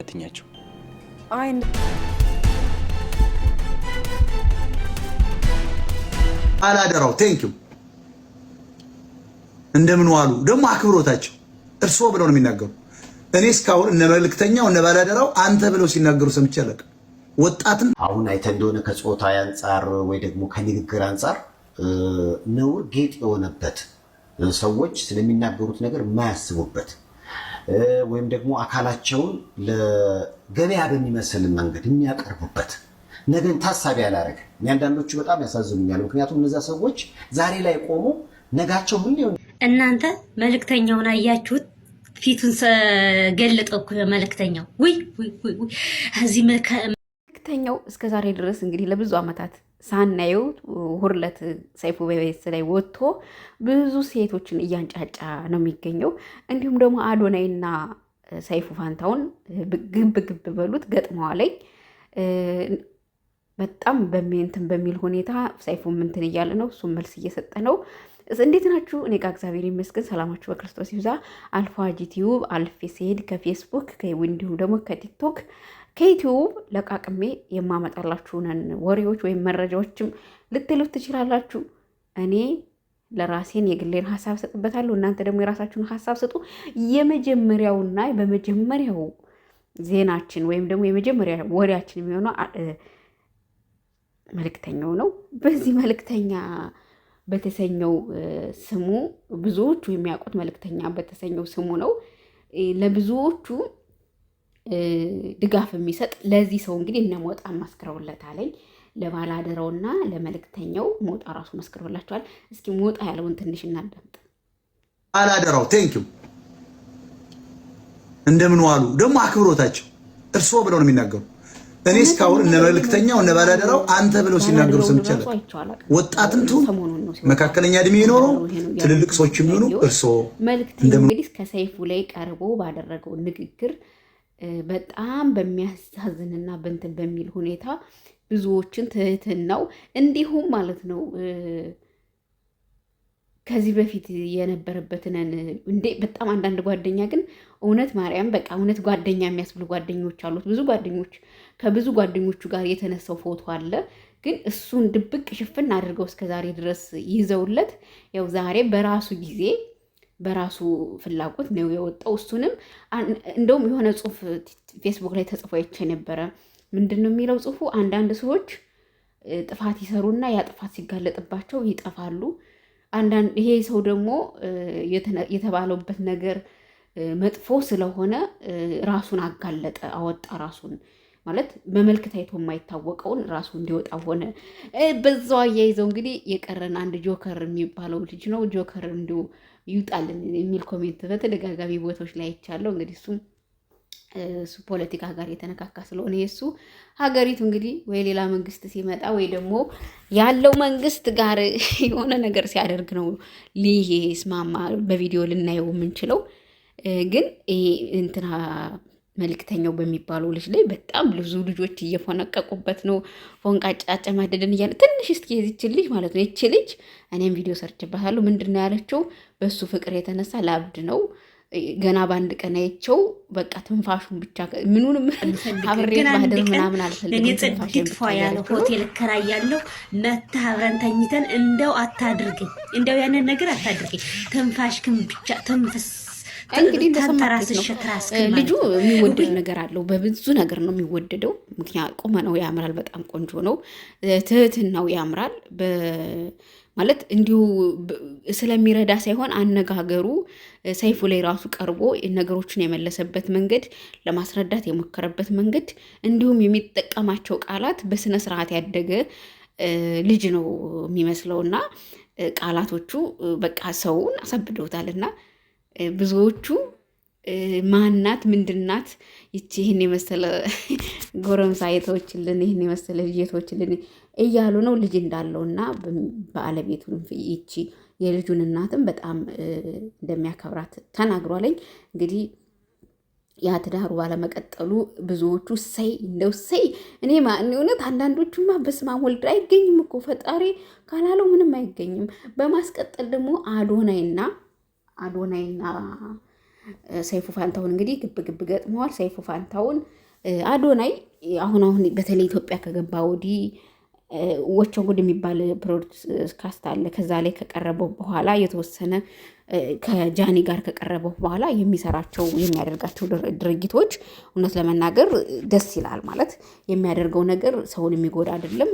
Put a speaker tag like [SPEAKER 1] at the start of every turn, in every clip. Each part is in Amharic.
[SPEAKER 1] በትኛቸው አይ
[SPEAKER 2] አላደራው ዩ እንደምን ዋሉ ደግሞ አክብሮታቸው እርስዎ ብለው ነው የሚናገሩ እኔ እስካሁን እነ መልክተኛው እነ ባላደራው አንተ ብለው ሲናገሩ ሰምቼ ወጣትን
[SPEAKER 3] አሁን አይተ እንደሆነ ከጾታ አንጻር ወይ ደግሞ ከንግግር አንጻር ነውር ጌጥ የሆነበት ሰዎች ስለሚናገሩት ነገር የማያስቡበት ወይም ደግሞ አካላቸውን ለገበያ በሚመስል መንገድ የሚያቀርቡበት ነገን ታሳቢ ያላረግ አንዳንዶቹ በጣም ያሳዝኑኛል። ምክንያቱም እነዚያ ሰዎች ዛሬ ላይ ቆሞ ነጋቸው ምን ሊሆን
[SPEAKER 4] እናንተ መልእክተኛውን አያችሁት? ፊቱን ገለጠው እኮ መልእክተኛው። ውይ ውይ ውይ! እዚህ መልእክተኛው
[SPEAKER 5] እስከ ዛሬ ድረስ እንግዲህ ለብዙ ዓመታት ሳናየው ሁርለት ሰይፉ በቤት ላይ ወጥቶ ብዙ ሴቶችን እያንጫጫ ነው የሚገኘው። እንዲሁም ደግሞ አዶናይና ሰይፉ ፋንታውን ግብ ግብ በሉት ገጥመዋ ላይ በጣም በሚንትን በሚል ሁኔታ ሰይፉ ምንትን እያለ ነው፣ እሱም መልስ እየሰጠ ነው። እንዴት ናችሁ? እኔ ጋ እግዚአብሔር ይመስገን ሰላማችሁ በክርስቶስ ይብዛ። አልፋ ጂቲዩብ አልፌ ሲሄድ ከፌስቡክ እንዲሁም ደግሞ ከቲክቶክ ከዩቲዩብ ለቃቅሜ የማመጣላችሁንን ወሬዎች ወይም መረጃዎችም ልትሉት ትችላላችሁ። እኔ ለራሴን የግሌን ሀሳብ ሰጥበታለሁ። እናንተ ደግሞ የራሳችሁን ሀሳብ ስጡ። የመጀመሪያውና በመጀመሪያው ዜናችን ወይም ደግሞ የመጀመሪያ ወሬያችን የሚሆነው መልክተኛው ነው። በዚህ መልእክተኛ በተሰኘው ስሙ ብዙዎቹ የሚያውቁት መልእክተኛ በተሰኘው ስሙ ነው ለብዙዎቹ ድጋፍ የሚሰጥ ለዚህ ሰው እንግዲህ እነ ሞጣ አለኝ ለባላደራውና ለመልእክተኛው ሞጣ ራሱ መስክረውላቸዋል። እስኪ ሞጣ ያለውን ትንሽ እናዳምጥ።
[SPEAKER 2] ባላደራው ቴንኪው እንደምን ዋሉ ደግሞ አክብሮታቸው እርስዎ ብለው ነው የሚናገሩ። እኔ እስካሁን እነ መልእክተኛው እነ ባላደራው አንተ ብለው ሲናገሩ ሰምቻለሁ። ወጣትንቱ መካከለኛ እድሜ የኖረው ትልልቅ ሰዎች የሚሆኑ እርስዎ
[SPEAKER 5] እንግዲህ ከሰይፉ ላይ ቀርቦ ባደረገው ንግግር በጣም በሚያሳዝንና በንትን በሚል ሁኔታ ብዙዎችን ትህትናው እንዲሁም ማለት ነው ከዚህ በፊት የነበረበትን እንዴ በጣም አንዳንድ ጓደኛ ግን እውነት ማርያም በቃ እውነት ጓደኛ የሚያስብሉ ጓደኞች አሉት። ብዙ ጓደኞች ከብዙ ጓደኞቹ ጋር የተነሳው ፎቶ አለ። ግን እሱን ድብቅ ሽፍን አድርገው እስከ ዛሬ ድረስ ይዘውለት ያው ዛሬ በራሱ ጊዜ በራሱ ፍላጎት ነው የወጣው። እሱንም እንደውም የሆነ ጽሁፍ ፌስቡክ ላይ ተጽፎ አይቼ ነበረ። ምንድን ነው የሚለው ጽሁፉ? አንዳንድ ሰዎች ጥፋት ይሰሩና ያ ጥፋት ሲጋለጥባቸው ይጠፋሉ። አንዳንድ ይሄ ሰው ደግሞ የተባለበት ነገር መጥፎ ስለሆነ ራሱን አጋለጠ፣ አወጣ። ራሱን ማለት በመልክ ታይቶ የማይታወቀውን ራሱ እንዲወጣ ሆነ። በዛው አያይዘው እንግዲህ የቀረን አንድ ጆከር የሚባለው ልጅ ነው። ጆከር እንዲሁ ይውጣልን የሚል ኮሜንት በተደጋጋሚ ቦታዎች ላይ ይቻለው። እንግዲህ እሱም እሱ ፖለቲካ ጋር የተነካካ ስለሆነ የእሱ ሀገሪቱ እንግዲህ ወይ ሌላ መንግስት ሲመጣ ወይ ደግሞ ያለው መንግስት ጋር የሆነ ነገር ሲያደርግ ነው ሊስማማ በቪዲዮ ልናየው የምንችለው ግን እንትና መልእክተኛው በሚባለው ልጅ ላይ በጣም ብዙ ልጆች እየፎነቀቁበት ነው። ፎንቃጫ አጨማደድን እያለ ትንሽ እስኪ የዚች ልጅ ማለት ነው ይቺ ልጅ እኔም ቪዲዮ ሰርችባታለሁ። ምንድን ነው ያለችው? በእሱ ፍቅር የተነሳ ለአብድ ነው ገና በአንድ ቀን አይቼው በቃ ትንፋሹን ብቻ ምኑንም አብሬ ማደር ምናምን
[SPEAKER 4] አልፈልግም ያለው ሆቴል እከራያለሁ መተህ አብረን ተኝተን እንደው አታድርግኝ፣ እንደው ያንን ነገር አታድርግኝ፣ ትንፋሽክን ብቻ ትንፍስ
[SPEAKER 5] እንግዲህ ልጁ የሚወደድ ነገር አለው። በብዙ ነገር ነው የሚወደደው። ምክንያት ቁመናው ያምራል፣ በጣም ቆንጆ ነው። ትህትናው ያምራል። ማለት እንዲሁ ስለሚረዳ ሳይሆን አነጋገሩ ሰይፉ ላይ ራሱ ቀርቦ ነገሮችን የመለሰበት መንገድ፣ ለማስረዳት የሞከረበት መንገድ፣ እንዲሁም የሚጠቀማቸው ቃላት በስነ ስርዓት ያደገ ልጅ ነው የሚመስለውና ቃላቶቹ በቃ ሰውን አሳብደውታልና ብዙዎቹ ማናት ምንድናት ይቺ ይህን የመሰለ ጎረምሳ የተወችልን ይህን የመሰለ ልጅ የተወችልን እያሉ ነው ልጅ እንዳለው እና ባለቤቱን ይቺ የልጁን እናትም በጣም እንደሚያከብራት ተናግሯለኝ። እንግዲህ ያ ትዳሩ ባለመቀጠሉ ብዙዎቹ ሰይ እንደው ሰይ እኔ እውነት አንዳንዶቹማ በስመ አብ ወልድ አይገኝም እኮ ፈጣሪ ካላለው ምንም አይገኝም። በማስቀጠል ደግሞ አዶናይና አዶናይና ሰይፉ ፋንታውን እንግዲህ ግብ ግብ ገጥመዋል። ሰይፉ ፋንታውን አዶናይ አሁን አሁን በተለይ ኢትዮጵያ ከገባ ወዲህ ወቸንጉድ የሚባል ፕሮድካስት አለ። ከዛ ላይ ከቀረበው በኋላ የተወሰነ ከጃኒ ጋር ከቀረበው በኋላ የሚሰራቸው የሚያደርጋቸው ድርጊቶች እውነት ለመናገር ደስ ይላል። ማለት የሚያደርገው ነገር ሰውን የሚጎዳ አይደለም፣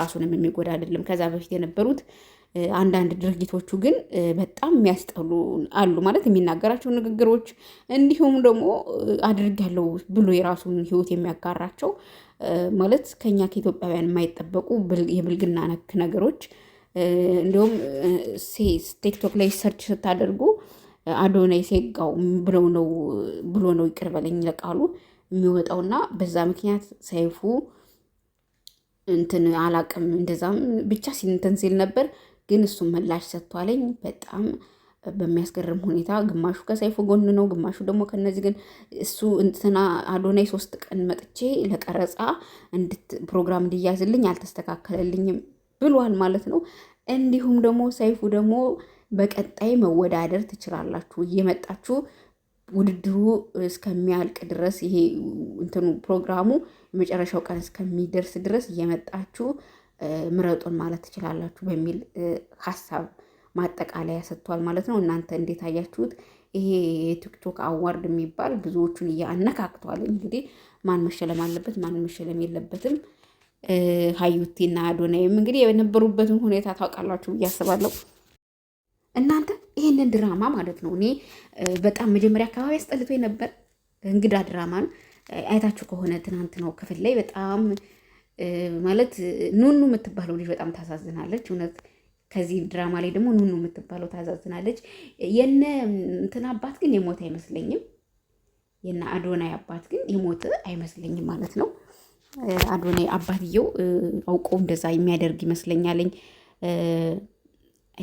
[SPEAKER 5] ራሱንም የሚጎዳ አይደለም። ከዛ በፊት የነበሩት አንዳንድ ድርጊቶቹ ግን በጣም የሚያስጠሉ አሉ። ማለት የሚናገራቸው ንግግሮች እንዲሁም ደግሞ አድርጊያለሁ ብሎ የራሱን ሕይወት የሚያጋራቸው ማለት ከኛ ከኢትዮጵያውያን የማይጠበቁ የብልግና ነክ ነገሮች እንዲሁም ቲክቶክ ላይ ሰርች ስታደርጉ አዶናይ ሴጋው ብሎ ነው ብሎ ነው ይቅር በለኝ ለቃሉ የሚወጣውና በዛ ምክንያት ሰይፉ እንትን አላቅም እንደዛም ብቻ ሲንተን ሲል ነበር። ግን እሱም ምላሽ ሰጥቷለኝ በጣም በሚያስገርም ሁኔታ ግማሹ ከሰይፉ ጎን ነው፣ ግማሹ ደግሞ ከነዚህ ግን እሱ እንትና አዶናይ ሶስት ቀን መጥቼ ለቀረጻ እንድት ፕሮግራም እንዲያዝልኝ አልተስተካከለልኝም ብሏል ማለት ነው። እንዲሁም ደግሞ ሰይፉ ደግሞ በቀጣይ መወዳደር ትችላላችሁ እየመጣችሁ ውድድሩ እስከሚያልቅ ድረስ ይሄ እንትኑ ፕሮግራሙ የመጨረሻው ቀን እስከሚደርስ ድረስ እየመጣችሁ ምረጡን ማለት ትችላላችሁ በሚል ሀሳብ ማጠቃለያ ሰጥቷል ማለት ነው። እናንተ እንዴት አያችሁት? ይሄ የቲክቶክ አዋርድ የሚባል ብዙዎቹን እያነካክቷል። እንግዲህ ማን መሸለም አለበት፣ ማን መሸለም የለበትም። ሀዩቲና አዶናይም እንግዲህ የነበሩበትን ሁኔታ ታውቃላችሁ ብዬ አስባለሁ።
[SPEAKER 6] እናንተ ይህንን ድራማ ማለት ነው እኔ በጣም መጀመሪያ አካባቢ አስጠልቶ ነበር። እንግዳ ድራማን አይታችሁ ከሆነ ትናንት ነው ክፍል ላይ በጣም ማለት ኑኑ የምትባለው ልጅ በጣም ታሳዝናለች እውነት። ከዚህ ድራማ ላይ ደግሞ ኑኑ የምትባለው ታሳዝናለች። የነ እንትን አባት ግን የሞተ አይመስለኝም። የነ አዶናይ አባት ግን የሞተ አይመስለኝም ማለት ነው። አዶናይ አባትየው አውቆ እንደዛ የሚያደርግ ይመስለኛለኝ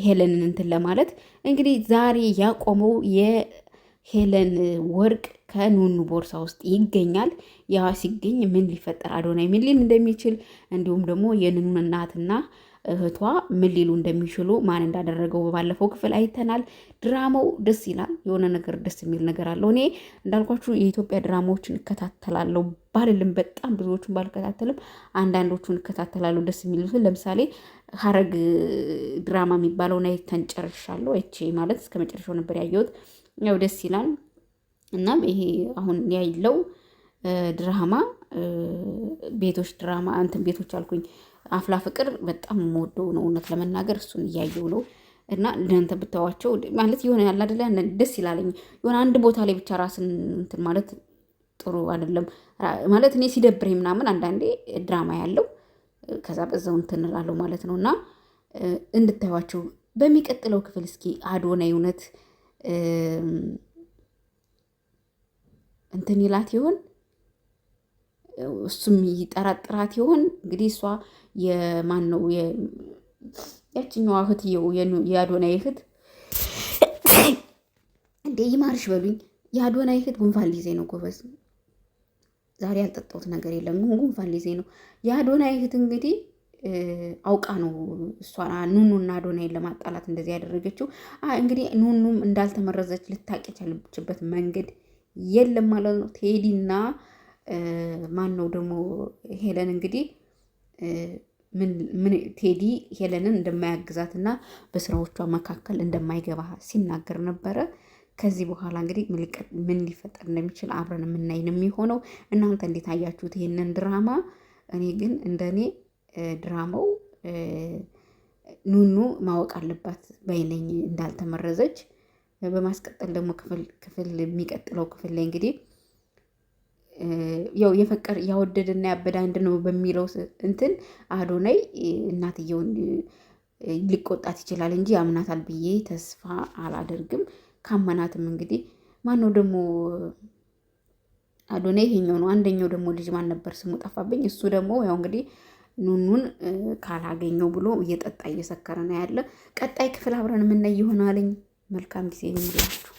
[SPEAKER 6] ሄለንን እንትን ለማለት እንግዲህ ዛሬ ያቆመው የሄለን ወርቅ ከኑኑ ቦርሳ ውስጥ ይገኛል። ያ ሲገኝ ምን ሊፈጠር አዶናይ ምን ሊል እንደሚችል እንዲሁም ደግሞ የኑኑን እናትና እህቷ ምን ሊሉ እንደሚችሉ ማን እንዳደረገው በባለፈው ክፍል አይተናል። ድራማው ደስ ይላል። የሆነ ነገር ደስ የሚል ነገር አለው። እኔ እንዳልኳችሁ የኢትዮጵያ ድራማዎችን እከታተላለሁ ባልልም በጣም ብዙዎቹን ባልከታተልም አንዳንዶቹን እከታተላለሁ ደስ የሚሉትን። ለምሳሌ ሀረግ ድራማ የሚባለውን አይተን ጨርሻለሁ። አይቼ ማለት እስከ መጨረሻው ነበር ያየሁት። ያው ደስ ይላል። እናም ይሄ አሁን ያለው ድራማ ቤቶች ድራማ እንትን ቤቶች አልኩኝ አፍላ ፍቅር በጣም የምወደው ነው እውነት ለመናገር እሱን እያየው ነው እና ለእንተ ብታዋቸው ማለት የሆነ ያለ አደለ ደስ ይላለኝ የሆነ አንድ ቦታ ላይ ብቻ ራስን እንትን ማለት ጥሩ አይደለም ማለት እኔ ሲደብረኝ ምናምን አንዳንዴ ድራማ ያለው ከዛ በዛው እንትን እላለሁ ማለት ነው እና እንድታዩቸው በሚቀጥለው ክፍል እስኪ አዶናይ እውነት እንትን ይላት ይሆን? እሱም ይጠራጥራት ይሆን? እንግዲህ እሷ የማን ነው ያችኛዋ እህትየው የአዶናይ እህት እንዴ ይማርሽ በሉኝ። የአዶናይ እህት ጉንፋን ሊዜ ነው ጎበዝ። ዛሬ ያልጠጣሁት ነገር የለም፣ ግን ጉንፋን ሊዜ ነው። የአዶናይ እህት እንግዲህ አውቃ ነው እሷ ኑኑና አዶናይን ለማጣላት እንደዚህ ያደረገችው። እንግዲህ ኑኑም እንዳልተመረዘች ልታቅ የቻለችበት መንገድ የለም ማለት ነው። ቴዲና ማን ነው ደግሞ ሄለን እንግዲህ ምን ቴዲ ሄለንን እንደማያግዛትና በስራዎቿ መካከል እንደማይገባ ሲናገር ነበረ። ከዚህ በኋላ እንግዲህ ምን ሊፈጠር እንደሚችል አብረን የምናይን የሚሆነው። እናንተ እንዴት አያችሁት ይህንን ድራማ? እኔ ግን እንደኔ ድራማው ኑኑ ማወቅ አለባት በይነኝ እንዳልተመረዘች በማስቀጠል ደግሞ ክፍል የሚቀጥለው ክፍል ላይ እንግዲህ ያው የፈቀር ያወደደና ያበደ አንድ ነው በሚለው እንትን አዶናይ እናትየውን ሊቆጣት ይችላል እንጂ ያምናታል ብዬ ተስፋ አላደርግም። ካመናትም እንግዲህ ማነው ደግሞ አዶናይ ይሄኛው ነው። አንደኛው ደግሞ ልጅ ማን ነበር ስሙ ጠፋብኝ። እሱ ደግሞ ያው እንግዲህ ኑኑን ካላገኘው ብሎ እየጠጣ እየሰከረ ነው ያለ። ቀጣይ ክፍል አብረን የምናይ ይሆናልኝ። መልካም ጊዜ ይሁንላችሁ።